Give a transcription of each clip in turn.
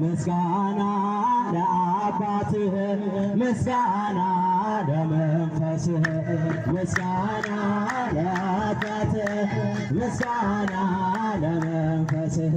ምስጋና ለአባትህ ምስጋና ለመንፈስህ ምስጋና ለአባትህ ምስጋና ለመንፈስህ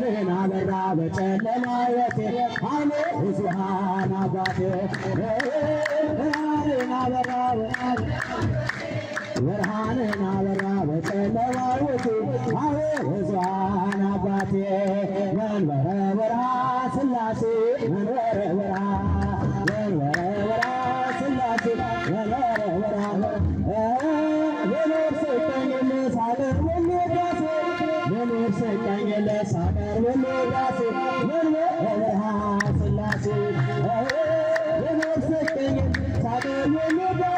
ብርሃንን አበራ በጨለማ ሕይወቴ አይኔ ብዙሃን አባቴ ብርሃንን አበራ ብርሃንን አበራ በጨለማ ሕይወቴ አይኔ ብዙሃን አባቴ መንበረ ብርሃን ሥላሴ আমিও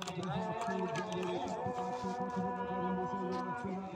Thank you.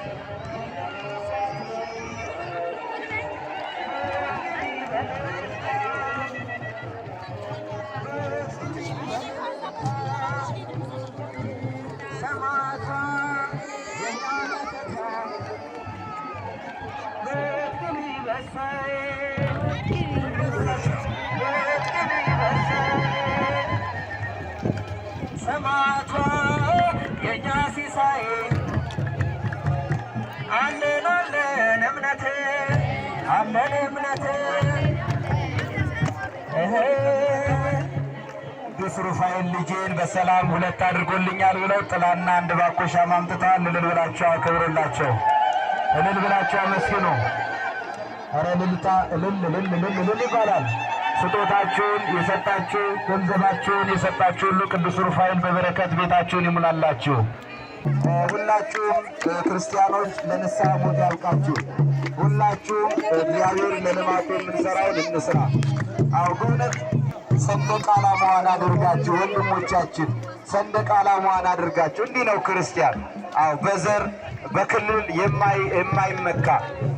የኛ ሲሳይ አለን አለን እምነት አለን እምነት ሩፋኤል ልጄን በሰላም ሁለት አድርጎልኛል ብለው ጥላና አንድ ባኮሻ ማምጥተዋል። እልል ብላቸው አክብሩላቸው። እልል ብላቸው አመስግኑ። ኧረ እልልታ እልል እልል እልል ይባላል። ስጦታችሁን የሰጣችሁ ገንዘባችሁን የሰጣችሁ ሁሉ ቅዱስ ሩፋኤል በበረከት ቤታችሁን ይሙላላችሁ። ሁላችሁም ክርስቲያኖች ለንስሐ ሞት ያብቃችሁ። ሁላችሁም እግዚአብሔር ለልማቱ የምንሰራው ልንስራ። አዎ በእውነት ሰንደቅ ዓላማዋን አድርጋችሁ ወንድሞቻችን ሰንደቅ ዓላማዋን አድርጋችሁ እንዲህ ነው ክርስቲያን። አዎ በዘር በክልል የማይመካ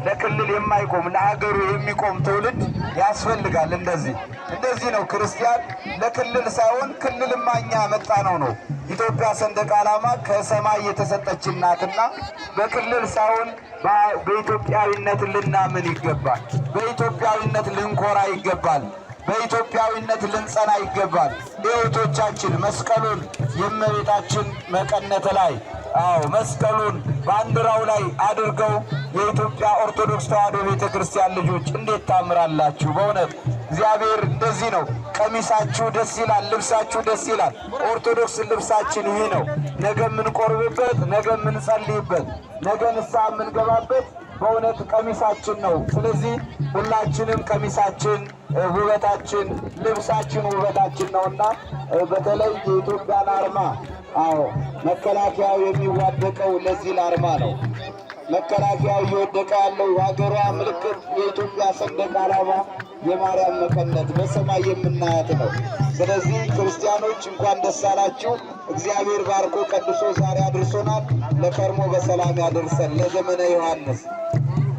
ለክልል የማይቆም ለሀገሩ የሚቆም ትውልድ ያስፈልጋል። እንደዚህ እንደዚህ ነው ክርስቲያን ለክልል ሳይሆን ክልልማ እኛ መጣ ነው ነው ኢትዮጵያ ሰንደቅ ዓላማ ከሰማይ የተሰጠች ናትና በክልል ሳይሆን በኢትዮጵያዊነት ልናምን ይገባል። በኢትዮጵያዊነት ልንኮራ ይገባል። በኢትዮጵያዊነት ልንጸና ይገባል። እህቶቻችን መስቀሉን የእመቤታችን መቀነት ላይ አዎ መስቀሉን ባንዲራው ላይ አድርገው የኢትዮጵያ ኦርቶዶክስ ተዋሕዶ ቤተ ክርስቲያን ልጆች እንዴት ታምራላችሁ! በእውነት እግዚአብሔር እንደዚህ ነው። ቀሚሳችሁ ደስ ይላል፣ ልብሳችሁ ደስ ይላል። ኦርቶዶክስ ልብሳችን ይህ ነው። ነገ የምንቆርብበት፣ ነገ የምንጸልይበት፣ ነገ ንስሐ የምንገባበት በእውነት ቀሚሳችን ነው። ስለዚህ ሁላችንም ቀሚሳችን ውበታችን፣ ልብሳችን ውበታችን ነውና በተለይ የኢትዮጵያን አርማ አዎ መከላከያው የሚዋደቀው ለዚህ ለአርማ ነው። መከላከያው እየወደቀ ያለው የሀገሯ ምልክት የኢትዮጵያ ሰንደቅ ዓላማ የማርያም መቀነት በሰማይ የምናያት ነው። ስለዚህ ክርስቲያኖች እንኳን ደስ አላችሁ። እግዚአብሔር ባርኮ ቀድሶ ዛሬ አድርሶናል። ለከርሞ በሰላም ያደርሰን ለዘመነ ዮሐንስ